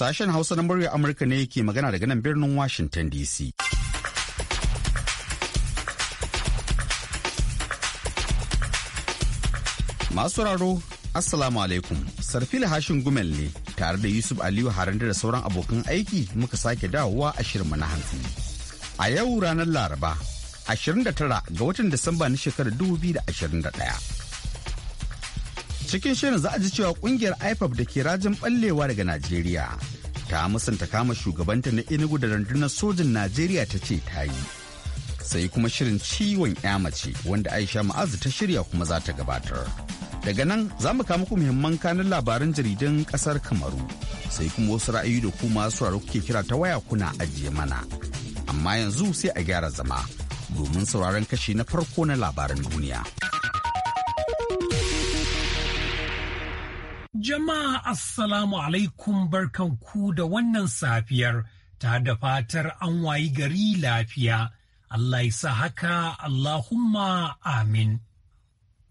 Sashen Hausa na murya Amurka ne ke magana daga nan birnin Washington DC. Masu raro, Assalamu alaikum. Sarfila hashin gumel ne tare da Yusuf Aliyu Harande da sauran abokan aiki muka sake dawowa a shirinmu na hantsi. A yau ranar Laraba, 29 ga watan Disamba na shekarar 2021. Cikin shirin za a ji cewa kungiyar IPAP da ke rajin ballewa daga Najeriya ta musanta kama shugabanta na inugu da rundunar sojin Najeriya ta ce ta yi. Sai kuma shirin ciwon ya mace wanda Aisha Ma'azu ta shirya kuma za ta gabatar. Daga nan za mu kama ku muhimman kanin labaran jaridan kasar Kamaru. Sai kuma wasu ra'ayi da ku masu kuke kira ta waya kuna ajiye mana. Amma yanzu sai a gyara zama domin sauraron kashi na farko na labaran duniya. Jama'a Assalamu alaikum barkanku da wannan safiyar ta da fatar an wayi gari lafiya. Allah ya haka Allahumma amin.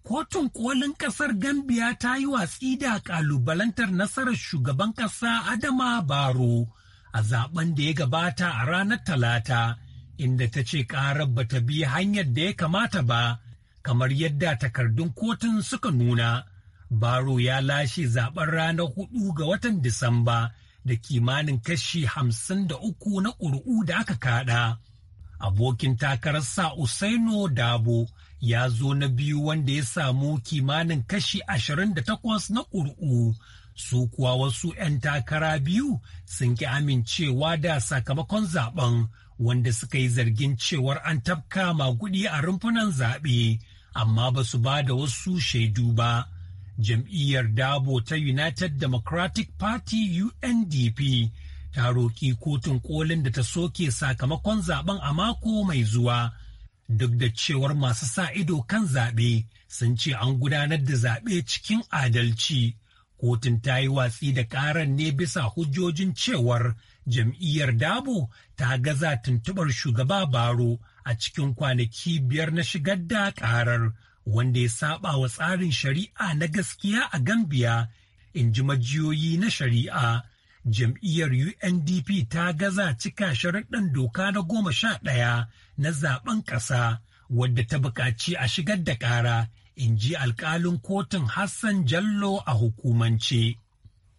Kotun kolin ƙasar Gambiya ta yi watsi da ƙalubalantar nasarar shugaban ƙasa Adama Baro a zaben da ya gabata a ranar Talata, inda ta ce karar ba ta bi hanyar da ya kamata ba, kamar yadda takardun kotun suka nuna. Baro ya lashe zaben ranar hudu ga watan Disamba da kimanin kashi hamsin da uku na ƙuri'u da aka kada. Abokin takararsa Usaino Dabo ya zo na biyu wanda ya samu kimanin kashi ashirin da takwas na ƙuri'u. Su kuwa wasu 'yan takara biyu sun ki amincewa da sakamakon zaben wanda suka yi zargin cewar an tafka magudi a rumfunan zaɓe, amma ba su ba da wasu shaidu ba. jam'iyyar dabo ta united democratic party undp ta roƙi kotun kolin da ta soke sakamakon zaben a mako mai zuwa duk da cewar masu sa ido kan zaɓe sun ce an gudanar da zaɓe cikin adalci kotun ta yi watsi da ƙaran ne bisa hujjojin cewar jam'iyyar dabo ta gaza tuntubar shugaba baro a cikin kwanaki biyar na shigar da ƙarar wanda ya saba wa tsarin shari'a na gaskiya a Gambia, in ji majiyoyi na shari'a. Jam'iyyar UNDP ta gaza cika sharaɗin doka na goma sha ɗaya na zaben ƙasa wadda ta buƙaci a shigar da ƙara, in ji alƙalin kotun Hassan Jallo a hukumance.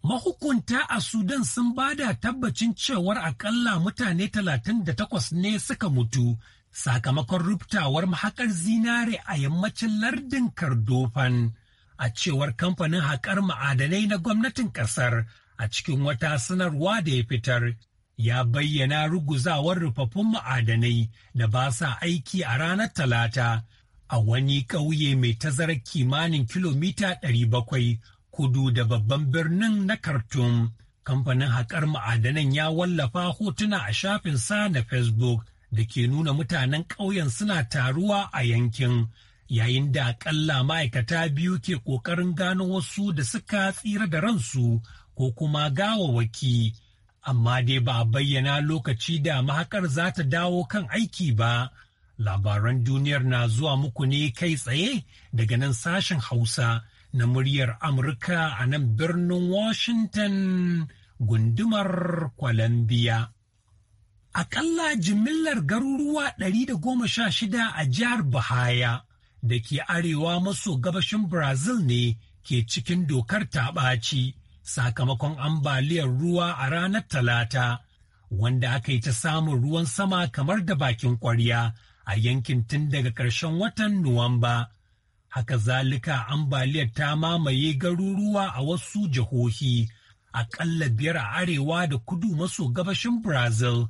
Mahukunta a Sudan sun bada tabbacin cewar akalla mutane 38 ne suka mutu sakamakon ruptawar mahakar zinare a yammacin lardin Kardofan a cewar kamfanin haƙar ma'adanai na gwamnatin ƙasar a cikin wata sanarwa da ya fitar ya bayyana ruguzawar rufaffun ma'adanai da ba sa aiki a ranar talata a wani ƙauye mai tazarar kimanin kilomita 700 kudu da babban birnin na kartun. Kamfanin haƙar ma'adanan ya wallafa hotuna a shafinsa na Facebook da ke nuna mutanen ƙauyen suna taruwa a yankin yayin da akalla ma'aikata biyu ke ƙoƙarin gano wasu da suka tsira da ransu ko kuma gawawaki amma dai ba a bayyana lokaci da mahakar za ta dawo kan aiki ba labaran duniyar na zuwa muku ne kai tsaye daga nan sashen hausa na muryar amurka a nan birnin washington gundumar columbia Akalla jimillar garuruwa 116 a jihar Bahaya da ke arewa maso gabashin Brazil ne ke cikin dokar taɓaci sakamakon ambaliyar ruwa a ranar Talata, wanda aka yi ta samun ruwan sama kamar da bakin ƙwarya a yankin tun daga ƙarshen watan Nuwamba. Haka zalika ambaliyar ta mamaye garuruwa a wasu jihohi, aƙalla biyar a arewa da kudu maso gabashin Brazil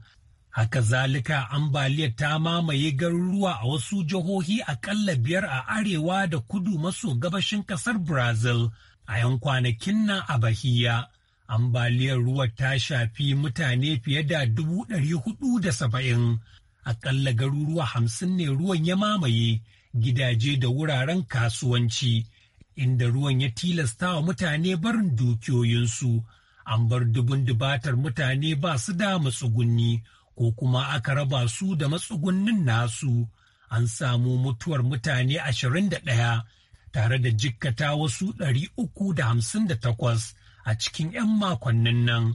Haka zalika ambaliyar ta mamaye garuruwa a wasu jihohi aƙalla biyar a arewa da kudu maso gabashin ƙasar Brazil a yan kwanakin nan a Bahiya. Ambaliyar ruwa ta shafi mutane fiye da dubu ɗari hudu da saba'in. Akalla garuruwa hamsin ne ruwan ya mamaye gidaje da wuraren kasuwanci, inda ruwan ya tilasta wa mutane barin dukiyoyinsu. An bar dubun dubatar mutane ba su da matsugunni. ko kuma aka raba su da matsugunnin nasu an samu mutuwar mutane ashirin da 21 tare da jikkata wasu ɗari uku da da hamsin takwas a cikin 'yan makonnin nan.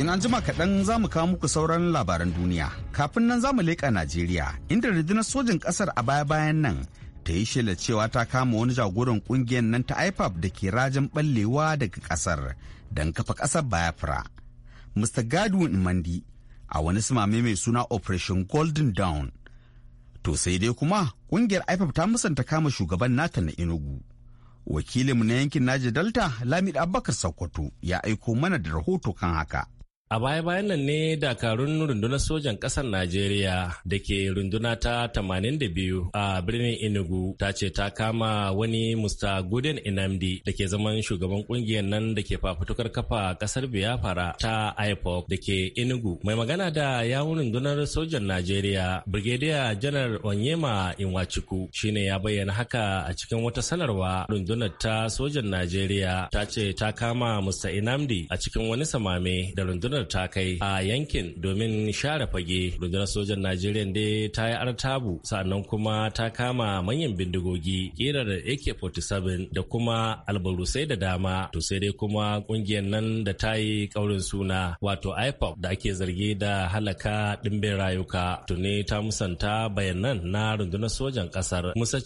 ina jima kaɗan za mu kawo muku sauran labaran duniya. Kafin nan za mu leƙa Najeriya, inda rundunar sojin ƙasar a baya-bayan nan ta yi shela cewa ta kama wani jagoran kungiyar nan ta ipap da ke rajin ballewa daga kasar don kafa kasar biafra mr godwin mandi a wani simame mai suna operation golden dawn to sai dai kuma kungiyar ipap ta musanta kama shugaban nata na inugu wakilinmu na yankin naji delta lamid abubakar sokoto ya aiko mana da rahoto kan haka A baya-bayan nan ne dakarun rundunar sojan ƙasar Najeriya da ke runduna ta 82 a birnin Enugu ta ce ta kama wani Mr. Guden Inamdi da ke zaman shugaban kungiyar nan da ke fafutukar kafa ƙasar Biafra ta IPOC da ke Enugu. Mai magana da yawun rundunar sojan Najeriya Brigadier Janar Onyema Inwachukwu shine ya bayyana haka a cikin wata sanarwa rundunar ta sojan Najeriya ta ce ta kama Mr. Inamdi a cikin wani samame da rundunar rundunar ta kai a yankin domin share fage rundunar sojan najeriya dai ta yi artabu sannan kuma ta kama manyan bindigogi kirar ak-47 da kuma albarusai da dama to sai dai kuma kungiyar nan da ta yi kaurin suna wato ipop da ake zargi da halaka dimbin rayuka ne ta musanta bayanan na rundunar sojan kasar musa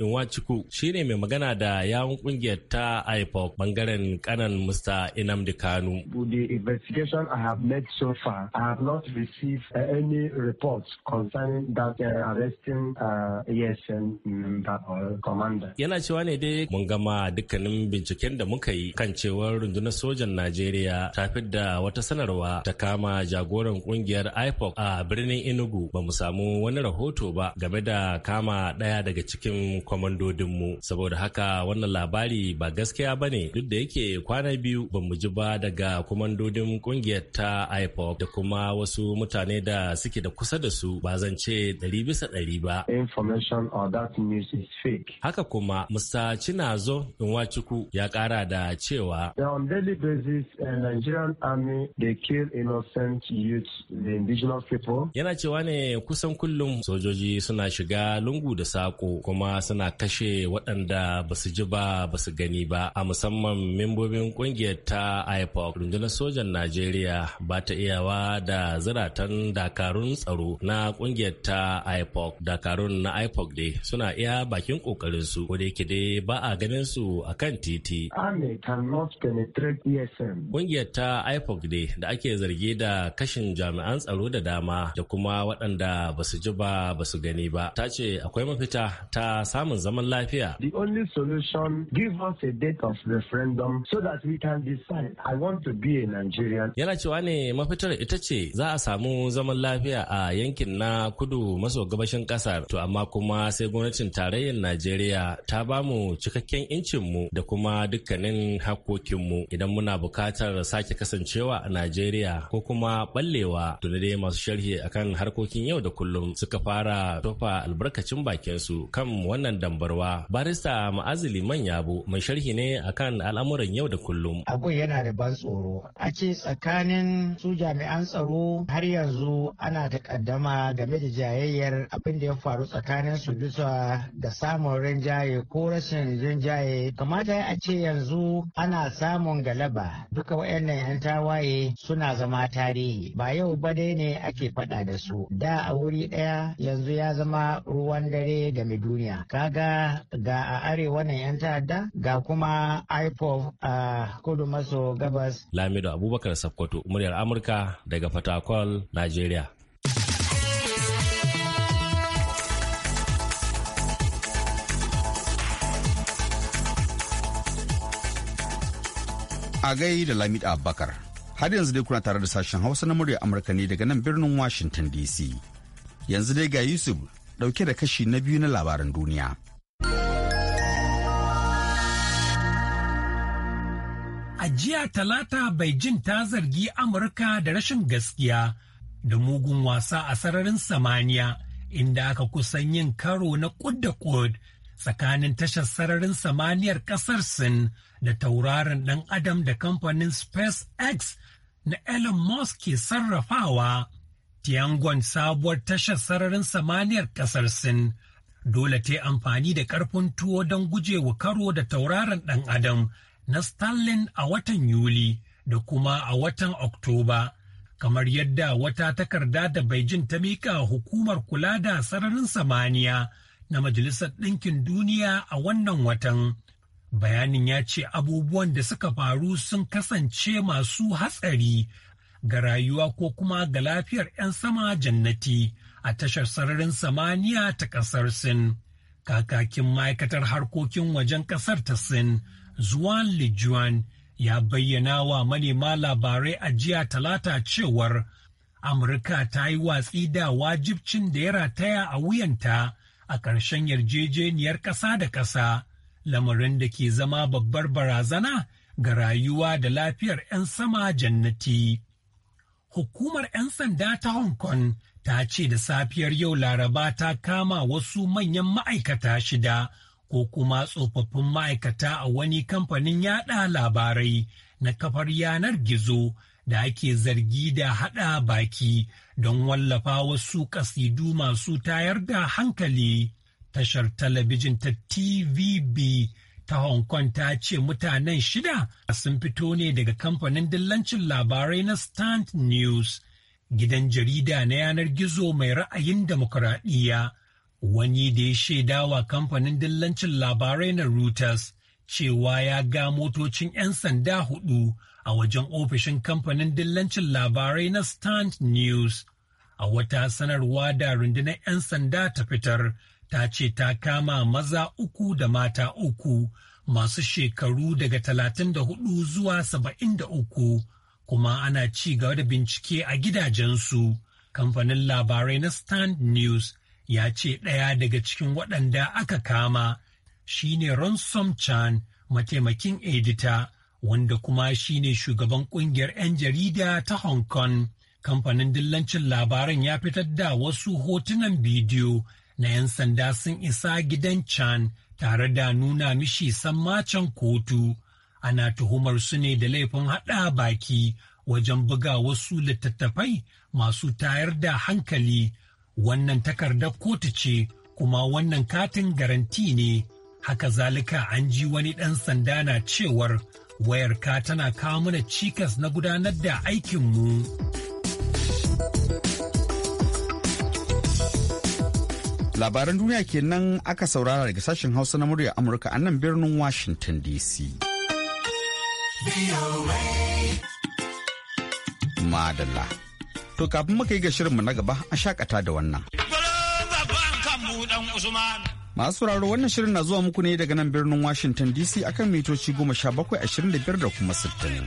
in waciku shine mai magana da yawun kungiyar ta ipop bangaren kanan mr inamdi kanu investigation I have made so far, I have not received uh, any reports concerning that uh, arresting uh, ESN member or commander. Yana cewa ne dai mun gama dukkanin binciken da muka yi kan cewar rundunar sojan Najeriya ta fi da wata sanarwa ta kama jagoran kungiyar IPOC a birnin Enugu ba mu samu wani rahoto ba game da kama ɗaya daga cikin kwamandodinmu saboda haka wannan labari ba gaskiya ba ne duk da yake kwana biyu ba mu ji ba daga kwamandodin kungiyar ta IPOP da kuma wasu mutane da suke da kusa da su ba zan ce ɗari bisa ɗari ba. Information or that news is fake. Haka kuma Mr. Chinazo Nwachukwu ya ƙara da cewa. On daily basis, uh, Nigerian army they kill innocent youths, the indigenous people. Yana cewa ne kusan kullum sojoji suna shiga lungu da sako kuma suna kashe waɗanda ba su ji ba ba su gani ba a musamman membobin kungiyar ta ipop rundunar sojan Najeriya. Najeriya ba ta iyawa da ziratan dakarun tsaro na kungiyar ta IPOC. Dakarun na IPOC dai suna iya bakin kokarin su ko yake dai ba a ganin su a kan titi. ESM. E kungiyar ta IPOC dai da ake zargi da kashin jami'an tsaro da dama da kuma waɗanda ba su ji ba ba su gani ba. Ta ce akwai mafita ta samun zaman lafiya. The only solution give us a date of referendum so that we can decide I want to be a Nigerian yana cewa ne mafitar ita ce za a samu zaman lafiya a yankin na kudu maso gabashin kasar to amma kuma sai gwamnatin tarayyar najeriya ta ba mu cikakken mu da kuma dukkanin mu idan muna bukatar sake kasancewa a najeriya ko kuma ballewa to da dai masu sharhi akan harkokin yau da kullum suka fara tofa albarkacin bakinsu kan wannan dambarwa barista ma'azili man yabo mai sharhi ne akan al'amuran yau da kullum abun yana da ban tsoro ake tsakanin su jami'an tsaro har yanzu ana takaddama game da jayayyar abin da ya faru tsakanin su bisa da samun rinjaye ko rashin rinjaye kamata a ce yanzu ana samun galaba duka waɗannan 'yan tawaye suna zama tarihi ba yau ba dai ne ake faɗa da su da a wuri ɗaya yanzu ya zama ruwan dare mai duniya kaga ga a arewa na 'yan ta'adda ga kuma ipov a kudu maso gabas lamido abubakar Sokoto. Muryar Amurka daga Fatakwal, Najeriya. A gai da Lamid Abubakar. Har yanzu dai kuna tare da sashen Hausa na muryar Amurka ne daga nan birnin Washington DC. Yanzu dai ga Yusuf dauke da kashi na biyu na labaran duniya. jiya talata beijing ta zargi amurka da rashin gaskiya da mugun wasa a sararin samaniya inda aka kusan yin karo na kudda kud tsakanin tashar sararin samaniyar kasar sin da tauraron dan adam da kamfanin spacex na elon musk ke sarrafawa tiangon sabuwar tashar sararin samaniyar kasar sin dole ta amfani da karfin tuwo don gujewa karo da tauraron dan adam na Stalin a watan Yuli da kuma a watan Oktoba, kamar yadda wata takarda da Beijing ta mika hukumar kula da sararin samaniya na Majalisar Ɗinkin Duniya a wannan watan. Bayanin ya ce abubuwan da suka faru sun kasance masu hatsari ga rayuwa ko kuma ga lafiyar 'yan sama jannati a tashar sararin samaniya ta ƙasar Sin. Kakakin ma'aikatar harkokin wajen ƙasar ta Sin Zuan Lijuan ya bayyana wa manema labarai a jiya talata cewar Amurka ta yi watsi da wajibcin da ya rataya a wuyanta a ƙarshen yarjejeniyar ƙasa da ƙasa, lamarin da ke zama babbar barazana ga rayuwa da lafiyar 'yan sama jannati. Hukumar 'yan sanda ta Hong Kong ta ce da safiyar yau Laraba ta kama wasu manyan ma'aikata shida ko kuma tsofaffin ma'aikata a wani kamfanin yaɗa labarai na kafar yanar gizo da ake zargi da haɗa baki don wallafa wasu ƙasidu masu tayar da hankali. Tashar talabijin ta TVB ta Hong Kong ta ce mutanen shida sun fito ne daga kamfanin dillancin labarai na Stand News, gidan jarida na yanar gizo mai ra'ayin demokuraɗiyya. wani da ya shaida wa kamfanin dillancin labarai na Reuters cewa ya ga motocin 'yan sanda hudu a wajen ofishin kamfanin dillancin labarai na Stand News. A wata sanarwa da rundunar 'yan sanda ta fitar ta ce ta kama maza uku da mata uku masu shekaru daga 34 zuwa 73 kuma ana ci gaba da bincike a gidajensu. Kamfanin labarai na Stand News ya ce ɗaya daga cikin waɗanda aka kama shine Ransom Chan mataimakin edita wanda kuma shine shugaban ƙungiyar 'yan jarida ta Hong Kong. Kamfanin dillancin labaran ya fitar da wasu hotunan bidiyo na 'yan sanda sun isa gidan Chan tare da nuna mishi sammacin kotu. Ana tuhumar su ne da laifin haɗa baki wajen buga wasu littattafai masu tayar da hankali wannan takardar kotu ce kuma wannan katin garanti ne haka zalika an ji wani ɗan sanda na cewar wayarka tana kawo mana cikas na gudanar da aikinmu. Labaran duniya kenan aka saurara daga sashen Hausa na murya Amurka a nan birnin Washington DC. madala. To kafin muka yi ga shirinmu na gaba a shakata da wannan. Masu sauraro wannan shirin na zuwa muku ne daga nan birnin Washington DC akan mitoci goma sha bakwai ashirin da biyar da kuma sittin.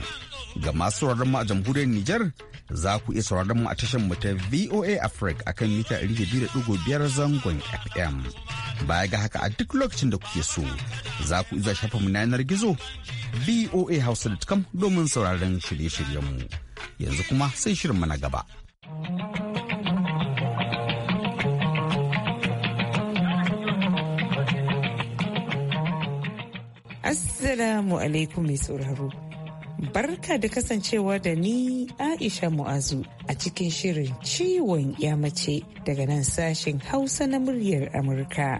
Ga masu sauraron mu a jamhuriyar Nijar za ku iya sauraron mu a tashar mu ta VOA Africa akan mita ɗari biyu da ɗigo biyar zangon FM. Baya ga haka a duk lokacin da kuke so za ku iya shafa mu na yanar gizo voahausa.com domin sauraron shirye-shiryen mu. yanzu kuma sai shirinmu na gaba. Assalamu alaikum mai sauraro. Barka da kasancewa da ni Aisha Mu'azu a cikin shirin ciwon ya mace daga nan sashen Hausa na muryar Amurka.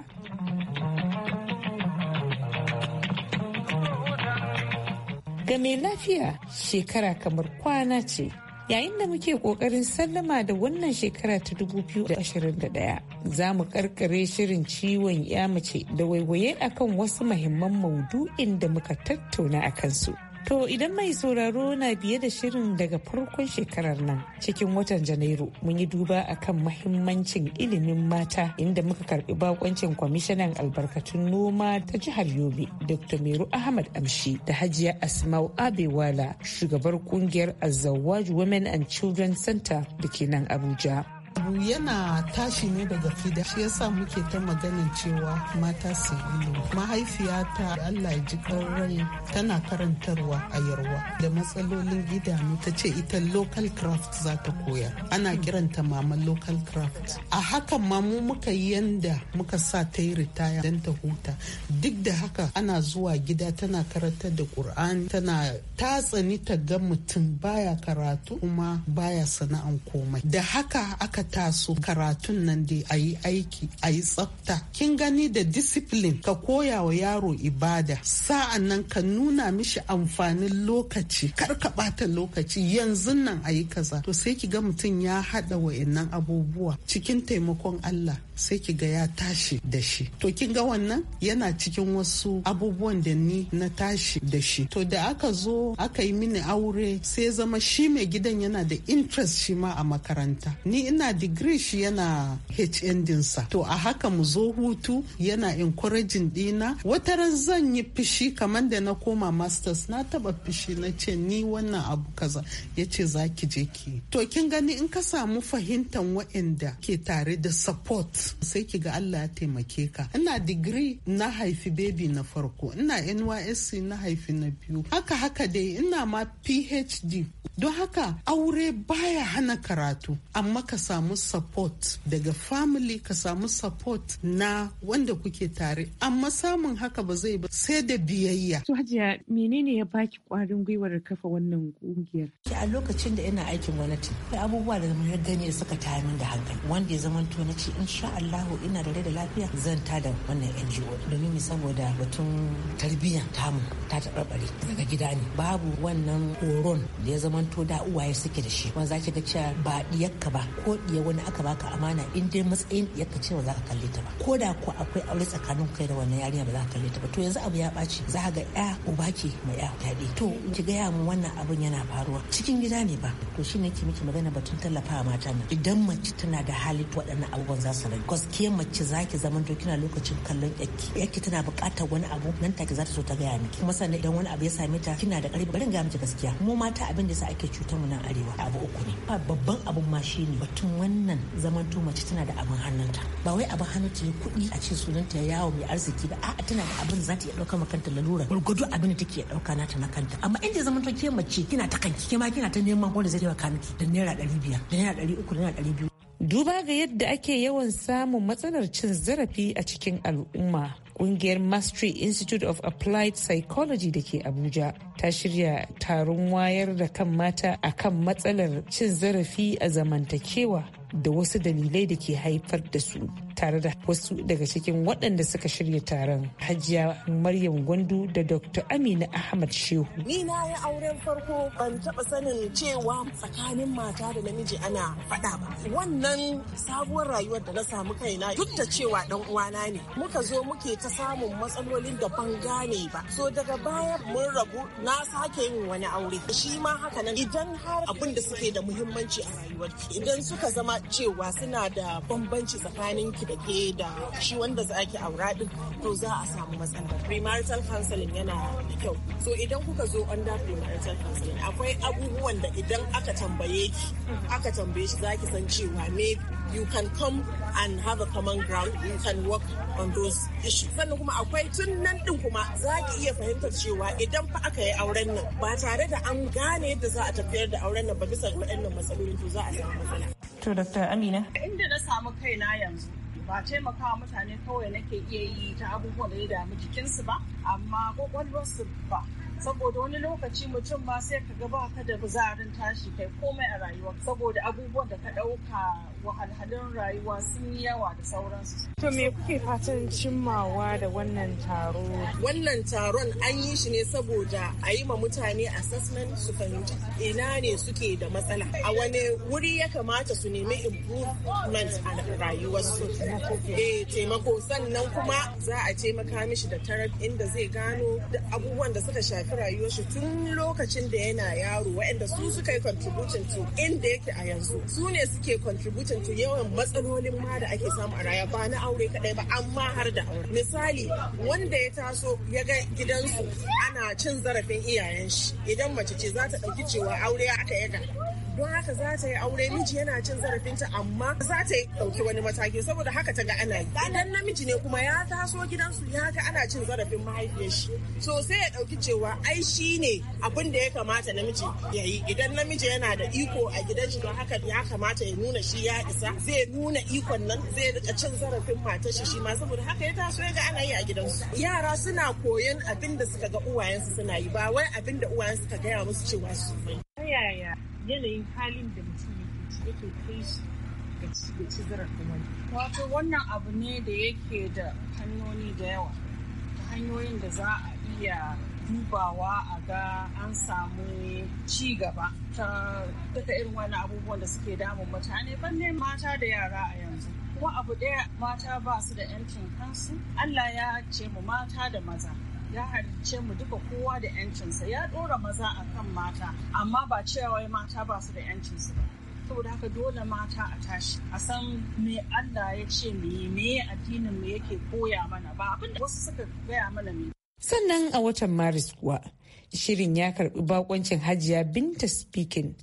ga mai lafiya shekara kamar kwana ce yayin da muke kokarin sallama da wannan shekara ta 2021 za mu karkare shirin ciwon ya mace da waiwaye akan wasu mahimman maudu'in da muka tattauna a kansu To idan mai sauraro na biye da shirin daga farkon shekarar nan cikin watan Janairu mun yi duba akan mahimmancin ilimin mata inda muka karbi bakoncin kwamishinan albarkatun noma ta jihar Yobe Dr. Meru Ahmad Amshi da Hajiya Asmau Abewala shugabar kungiyar Azawaj Women and Children Center da ke nan Abuja. yana tashi ne daga fida shi yasa muke ta maganin cewa mata su ilimi mahaifiya ta allah ya ji rai tana karantarwa a yarwa da matsalolin idanu ta ce ita local craft za ta koya ana kiranta mama local craft a hakan ma mu muka yi yanda muka sa ta yi ritaya don ta huta duk da haka ana zuwa gida tana karantar da ƙur'ani, tana tatsani ta ga mutum baya karatu kuma baya sana'an komai da haka aka taso karatun nan da a yi aiki a yi tsafta kin gani da discipline ka koya wa yaro ibada sa'an nan ka nuna mishi amfanin lokaci kar ka bata lokaci yanzu nan a yi kaza to sai ki ga mutum ya haɗa wa'annan abubuwa cikin taimakon Allah sai ki ga ya tashi da shi to kin ga wannan yana cikin wasu abubuwan da ni na tashi da shi to da aka zo aka yi mini aure sai zama shi mai gidan yana da interest shi ma a makaranta ni ina digiri shi yana hn dinsa to a haka mu zo hutu yana encouraging dina ran zan yi fishi kamar da na koma masters na taba fishi na ce ni wannan abu kaza ya ce za ki je ki to kin gani in ka samu fahimtar waɗanda ke tare da support sai ki ga Allah ya taimake ka ina digiri na haifi baby na farko ina NYSC na haifi na biyu haka haka dai ina ma PhD don haka aure baya hana karatu amma ka samu support daga family ka samu support na wanda kuke tare amma samun haka ba zai ba sai da biyayya to hajiya menene ya baki kwarin gwiwar kafa wannan kungiyar a lokacin da ina aikin gwamnati abubuwa da na gani suka tayar min da hankali wanda ya zama to na ce insha Allahu ina da da lafiya zan ta da wannan NGO domin mi saboda batun tarbiyya tamu ta tabarbare daga gida ne babu wannan horon da ya zamanto da uwaye suke da shi wanda zaki ga cewa ba diyakka ba ko diya wani aka baka amana in dai matsayin diyakka cewa za ka kalle ta ba ko da ko akwai aure tsakanin kai da wannan yarinya ba za ka kalle ta ba to yanzu abu ya ɓaci za ga ya uba ke ma ya fyaɗe to ki gaya mu wannan abun yana faruwa cikin gida ne ba to shi ne ke miki magana batun tallafa mata nan idan mace tana da hali waɗannan abubuwan za su gaskiyar mace za ki zama to kina lokacin kallon yaki yaki tana buƙatar wani abu nan take za ta so ta gaya miki kuma sannan idan wani abu ya same ta kina da ƙarfi barin ga miki gaskiya mu mata abin da sa ake cutar mu nan arewa abu uku ne babban abun ma shine batun wannan zaman to mace tana da abin hannunta ba wai abin hannunta ne kuɗi a ce sunanta yawo mai arziki ba a'a tana da abin za ta iya ɗauka makanta kanta lalura gwargwado abin da take iya ɗauka nata na kanta amma inda zaman to ke mace kina ta kanki ke kina ta neman wanda zai taimaka miki da naira ɗari biyar naira ɗari uku naira ɗari Duba ga yadda ake yawan samun matsalar cin zarafi a cikin al'umma. ƙungiyar Mastery Institute of Applied Psychology da ke Abuja ta shirya taron wayar da kan mata a kan matsalar cin zarafi a zamantakewa da wasu dalilai da ke haifar da su tare da wasu daga cikin waɗanda suka shirya taron hajiya maryam gwandu da dr amina ahmad shehu ni na yi auren farko ban taɓa sanin cewa tsakanin mata da namiji ana faɗa ba wannan sabuwar rayuwar da na samu kaina duk da cewa dan uwana ne muka zo muke ta samun matsalolin da ban gane ba so daga baya mun rabu na sake yin wani aure shi ma haka nan idan har abin da suke da muhimmanci a rayuwar idan suka zama cewa suna da bambanci tsakanin ki da ke da shi wanda za ki aura din to za a samu matsala premarital counseling yana da kyau so idan kuka zo under premarital counseling akwai abubuwan da idan aka tambaye ki aka tambaye shi za ki san cewa me you can come and have a common ground you can work on those issues sannan kuma akwai tun nan din kuma za ki iya fahimtar cewa idan fa aka yi auren nan ba tare da an gane yadda za a tafiyar da auren nan ba bisa waɗannan matsaloli to za a samu matsala To Dr. Amina. Inda na samu kaina yanzu ba taimakawa mutane kawai nake iya yi ta abubuwan da ya damu jikinsu ba amma kwakwalwarsu ba saboda wani lokaci mutum ma sai ka ga baka da buzarin tashi kai komai a rayuwa saboda abubuwan da ka ɗauka wahalhalun rayuwa sun yi yawa da sauransu. To me kuke fatan cimmawa da wannan taro? Wannan taron an yi shi ne saboda a yi ma mutane assessment su fahimci ina ne suke da matsala. A wani wuri ya kamata su nemi improvement a rayuwarsu. Eh taimako sannan kuma za a taimaka mishi da tarab inda zai gano abubuwan da suka shafi tafi rayuwar shi tun lokacin da yana yaro waɗanda su suka yi contribution to inda yake a yanzu su ne suke contribution to yawan matsalolin ma da ake samu a raya ba na aure kaɗai ba amma har da aure misali wanda ya taso ya ga gidansu ana cin zarafin iyayen shi idan mace ce za ta ɗauki cewa aure aka yaga don haka za ta yi aure miji yana cin zarafinta amma za ta yi ɗauki wani mataki saboda haka ta ga ana yi idan namiji ne kuma ya taso gidansu ya ga ana cin zarafin mahaifiyar shi so sai ya ɗauki cewa ai shi ne abin da ya kamata namiji ya yi idan namiji yana da iko a gidan shi don haka ya kamata ya nuna shi ya isa zai nuna ikon nan zai rika cin zarafin matar shi shi ma saboda haka ya taso ya ga ana yi a gidansu yara suna koyon abin da suka ga uwayensu suna yi ba wai abin da uwayensu suka gaya musu cewa su yaya yanayin halin da mutum yake kai shi ga ci zarafin wani. Wato wannan abu ne da yake da hanyoyi da yawa, ta hanyoyin da za a iya dubawa a ga an samu ci gaba ta duka irin wani abubuwan da suke damun mutane banne mata da yara a yanzu. Kuma abu ɗaya mata ba su da 'yancin kansu, Allah ya ce mu mata da maza. ya halicce mu duka kowa da yancinsa ya ɗora maza a kan mata amma ba cewa mata ba su da yancinsu ba saboda haka dole mata a tashi a san me Allah ya ce me me addinin mu yake koya mana ba abin da wasu suka gaya mana me sannan a watan maris kuwa shirin ya karbi bakoncin hajiya binta speaking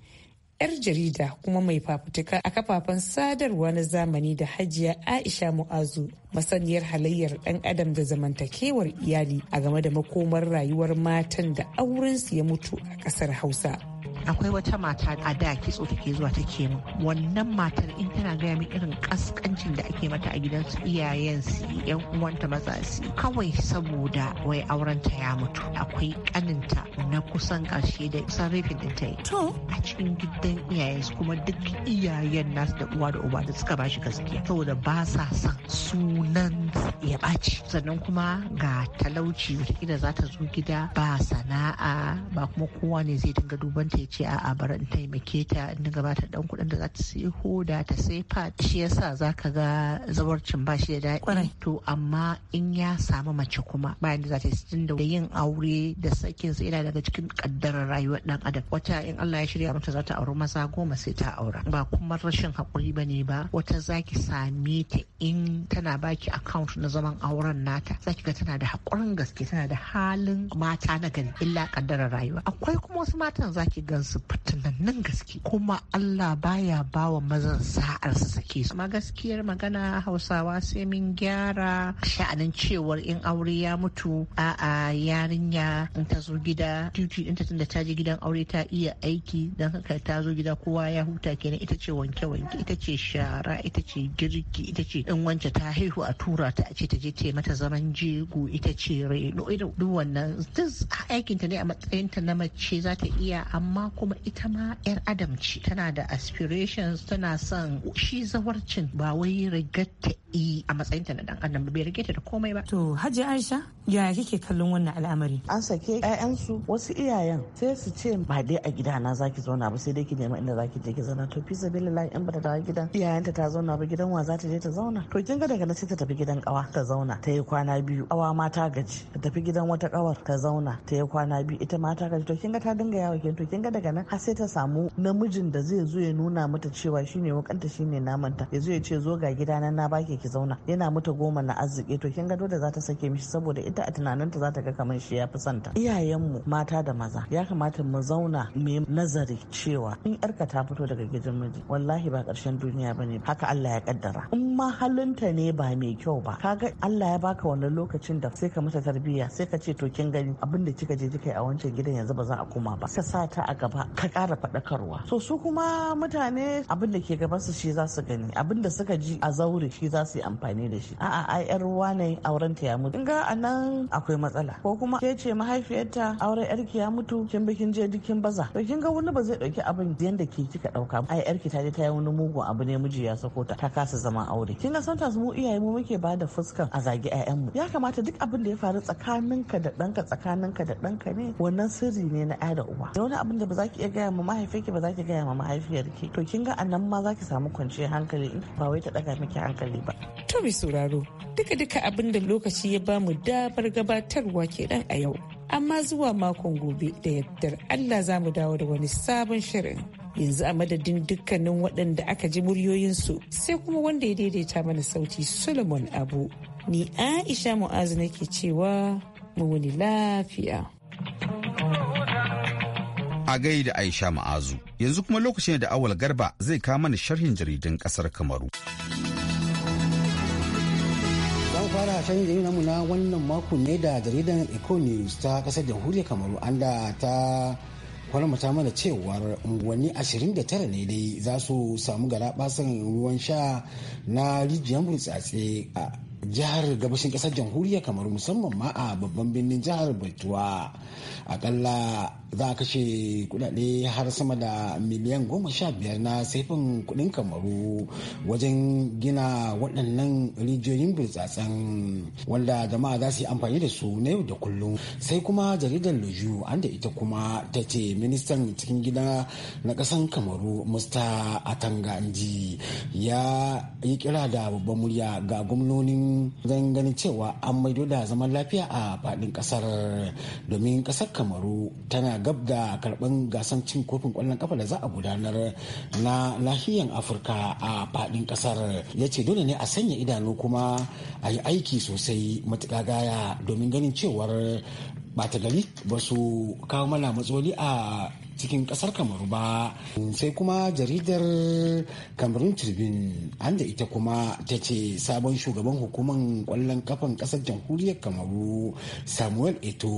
'yar jarida kuma mai fafutuka a kafafen sadarwa na zamani da hajiya aisha mu'azu masaniyar halayyar dan adam da zamantakewar iyali a game da makomar rayuwar matan da aurensu ya mutu a kasar hausa akwai wata mata a da kitso take zuwa take mu wannan matar in tana gaya min irin kaskancin da ake mata a gidan su? iyayen su yan uwanta maza su kawai saboda wai aurenta ya mutu akwai kaninta na kusan karshe da kusan rafin din ta yi to a cikin gidan iyayen su kuma duk iyayen nasu da uwa da uba da suka bashi gaskiya saboda ba sa son sunan ya ɓaci sannan kuma ga talauci wata za ta zo gida ba sana'a ba kuma kowa ne zai dinga duban ta ya ce a bari in taimake ta in gabata dan kuɗin da za ta sai hoda ta sai pad shi yasa za ka ga zawarcin ba shi da daɗi to amma in ya samu mace kuma Ba da za ta yi da yin aure da sakin sa yana daga cikin kaddarar rayuwar dan adam wata in Allah ya shirya mata za ta auri maza goma sai ta aura ba kuma rashin hakuri ba ne ba wata za ki same ta in tana baki account na zaman auren nata za ki ga tana da hakurin gaske tana da halin mata na gani illa kaddarar rayuwa akwai kuma wasu matan za ki ga mazansu nan gaske kuma Allah baya bawa mazan sa'ar su sake su. Ma gaskiyar magana Hausawa sai min gyara sha'anin cewar in aure ya mutu a'a yarinya in ta zo gida duty din ta tunda ta je gidan aure ta iya aiki dan haka ta zo gida kowa ya huta kenan ita ce wanke wanke ita ce shara ita ce girki ita ce in wance ta haihu a tura ta a ce ta je ta mata zaman jego ita ce reno duk wannan duk aikin ta ne a matsayin ta na mace za ta iya amma kuma ita ma 'yar adam ce tana da aspirations tana son shi zawarcin ba wai rigatta yi a matsayinta na dan adam bai rigata da komai ba. To Hajji Aisha yaya kike kallon wannan al'amari? An sake ƴaƴansu wasu iyayen sai su ce ba dai a gida na zaki zauna ba sai dai ki nema inda zaki je ki zauna to fi sabila la in bata dawo gidan iyayenta ta zauna ba gidan wa za ta je ta zauna to kin ga daga nan sai ta tafi gidan kawa ta zauna ta yi kwana biyu kawa ma ta gaji ta tafi gidan wata kawar ta zauna ta yi kwana biyu ita ma ta gaji to kin ga ta dinga yawo kin to kin ga daga nan har sai ta samu namijin da zai zo ya nuna mata cewa shine wakanta shine namanta ya zo ya ce zo ga gidana na baki ki zauna yana mata goma na arziki to kin ga dole za ta sake mishi saboda ita a tunaninta za ta ga kamar shi ya fi santa iyayenmu mata da maza ya kamata mu zauna mu nazari cewa in yarka ta fito daga gidan miji wallahi ba karshen duniya bane haka Allah ya kaddara in ma halinta ne ba mai kyau ba kaga Allah ya baka wannan lokacin da sai ka mata tarbiyya sai ka ce to kin gani abin da kika je kika yi a wancan gidan yanzu ba za a koma ba ka sa ta a gaba gaba ka ƙara faɗakarwa so su kuma mutane abin da ke gabansu shi za su gani abin da suka ji a zaure shi za su yi amfani da shi a'a ai yar ruwa ne auren ta ya mutu ga anan akwai matsala ko kuma ke ce mahaifiyarta auren yarki ya mutu kin bikin je dukin baza to kin ga wani ba zai dauki abin yanda ke kika dauka ai ki ta je ta yi wani mugun abu ne miji ya sako ta ta kasa zama aure kin ga sometimes mu iyaye mu muke ba da fuskan a zagi mu ya kamata duk abin da ya faru tsakaninka da danka tsakaninka da danka ne wannan sirri ne na da uba da wani abin da ba za ki iya gaya ma mahaifinki ba za ki gaya ma mahaifiyarki to kin ga anan ma za ki samu kwanciyar hankali in ba wai ta daga miki hankali ba to mai sauraro duka duka abin da lokaci ya bamu dabar gabatarwa ke dan a yau amma zuwa makon gobe da yaddar Allah za mu dawo da wani sabon shirin yanzu a madadin dukkanin waɗanda aka ji muryoyinsu sai kuma wanda ya daidaita mana sauti solomon abu ni aisha mu'azu nake cewa mu wani lafiya A da Aisha Ma'azu. Yanzu kuma lokacin da Awal Garba zai kawo mana sharhin jaridun kasar Kamaru. Zan fara shan jaridar na wannan mako ne da jaridar news ta ƙasar jamhuriyar Kamaru anda ta kwarmata mana cewa unguwanni 29 ne dai za su samu galabasan ruwan sha na rijiyar burtsatse jihar gabashin kasar jamhuriya kamar musamman ma a babban birnin jihar baituwa akalla za a kashe kudade har sama da miliyan goma sha biyar na saifin kudin kamaru wajen gina waɗannan rijiyoyin birtsatsen wanda jama'a za su yi amfani da su na yau da kullum sai kuma jaridar loju an da ita kuma ta ce ministan cikin gida na ƙasan kamaru musta atanga ya yi kira da babban murya ga gwamnonin zan ganin cewa an maido da zaman lafiya a faɗin ƙasar domin ƙasar kamaru tana gab da karɓan gasan cin kofin ƙwallon ƙafa da za a gudanar na lahiyan afirka a faɗin ƙasar ya ce dole ne a sanya idanu kuma a yi aiki sosai matuƙa gaya domin ganin cewar ba ta gari ba su kawo mana matsoli a cikin kasar kamaru ba sai kuma jaridar kamarun tribune an da ita kuma ta ce sabon shugaban hukumar kwallon kafan kasar jamhuriyar kamaru samuel eto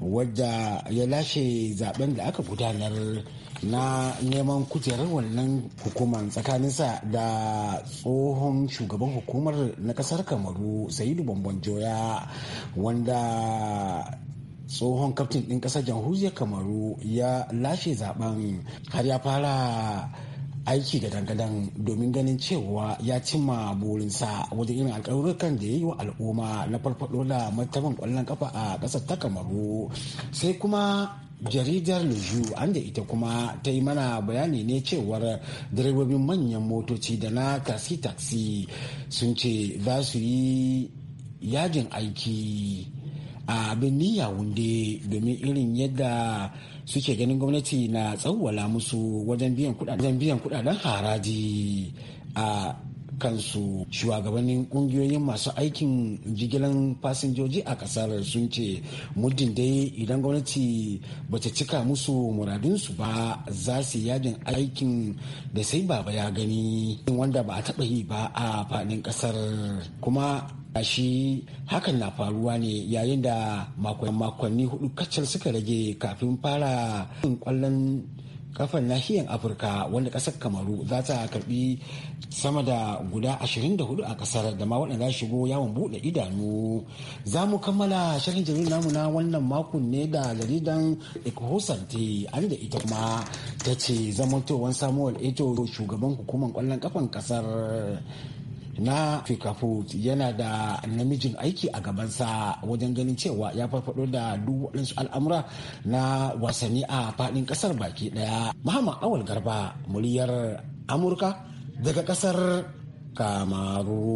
wadda ya lashe zaben da aka gudanar na neman kujerar wannan hukumar tsakaninsa da tsohon shugaban hukumar na kasar kamaru sayidu bambon joya wanda tsohon kaftin ɗin ƙasar jamhuriyar kamaru ya lashe zaben har ya fara aiki da dangadan domin ganin cewa ya cimma burinsa wajen irin alƙalurukan da ya yi wa al'umma na farfaɗo da martaban ƙwallon kafa a ƙasar ta kamaru sai kuma jaridar leju an da ita kuma ta yi mana bayani ne cewar direbobin manyan motoci da na taxi taxi sun ce za su yi yajin aiki a niyya wunde domin irin yadda suke ganin gwamnati na tsawwala musu wajen biyan kudaden haraji a kansu shugabannin kungiyoyin masu aikin jigilan fasinjoji a kasar sun ce muddin dai idan gwamnati bata cika musu muradunsu ba za su yajin aikin da sai baba ya gani wanda ba a taba yi ba a faɗin kasar kuma shi hakan na faruwa ne yayin da makonni hudu kacal suka rage kafin fara kwallon kafan nahiyan afirka wanda kasar kamaru za ta karbi sama da guda 24 a kasar da ma waɗanda shigo yawon buɗe idanu za mu kammala shirin jaridar namu na wannan makon ne da jaridan ecohosante an da ita kuma ta ce zamantowar samuwar eto shugaban hukumar kwallon kafan kasar na Fika food yana da namijin aiki a gabansa wajen ganin cewa ya farfado da duk waɗansu al'amura na wasanni a faɗin ƙasar baki ɗaya muhammad awal garba muryar amurka daga ƙasar kamaru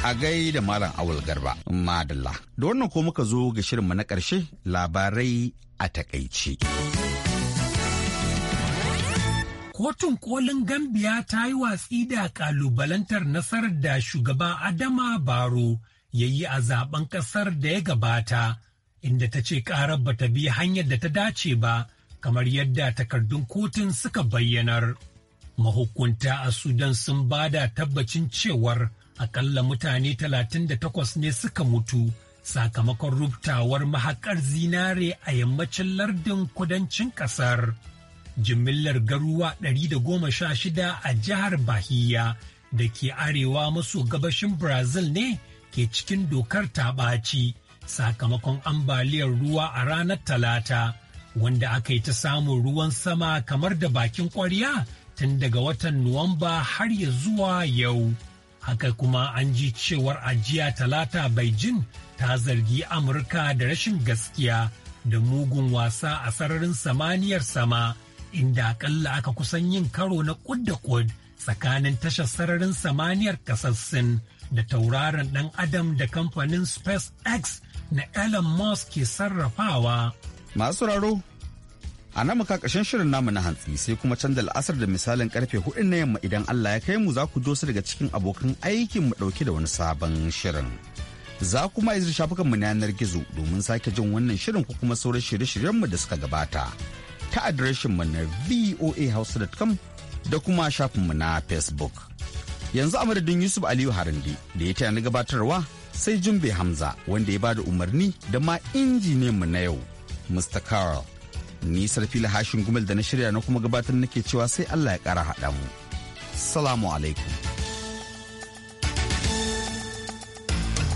a gai da malam awal garba madalla da wannan ko muka zo ga shirinmu na ƙarshe labarai a takaici. Kotun kolin Gambiya ta yi watsi da kalubalantar nasarar da shugaba Adama Baro ya yi a zaben kasar da ya gabata, inda ta ce karar bata bi hanyar da ta dace ba, kamar yadda takardun kotun suka bayyanar. Mahukunta a Sudan sun ba da tabbacin cewar akalla mutane 38 ne suka mutu sakamakon rubtawar mahakar zinare a yammacin lardin kudancin kasar. jimillar garuwa 116 a jihar Bahia da ke arewa maso gabashin Brazil ne ke cikin dokar taɓaci sakamakon ambaliyar ruwa a ranar Talata, wanda aka yi ta samun ruwan sama kamar da bakin ƙwarya tun daga watan Nuwamba har ya zuwa yau. Haka kuma an ji cewar ajiya Talata Beijing ta zargi Amurka da rashin gaskiya da mugun wasa a sararin samaniyar sama. inda akalla aka kusan yin karo na kud kud tsakanin tashar sararin samaniyar kasar Sin da tauraron ɗan adam da kamfanin SpaceX na Elon Musk ke sarrafawa. Masu raro, a nan muka ƙarshen shirin namu na hantsi sai kuma canza la'asar da misalin karfe hudu na yamma idan Allah ya kai mu za ku dosa daga cikin abokan aikin mu ɗauke da wani sabon shirin. Za kuma izir mu na yanar gizo domin sake jin wannan shirin ko kuma sauran shirye shiryen mu da suka gabata. ta mu na voahouse.com da kuma shafinmu na facebook yanzu a madadin yusuf aliyu harande da ya taya na gabatarwa sai jumbe hamza wanda ya bada umarni da ma injiniyan mu na yau mr carl ni la hashin gumel da na shirya na kuma gabatar nake cewa sai allah ya kara haɗa mu salamu alaikum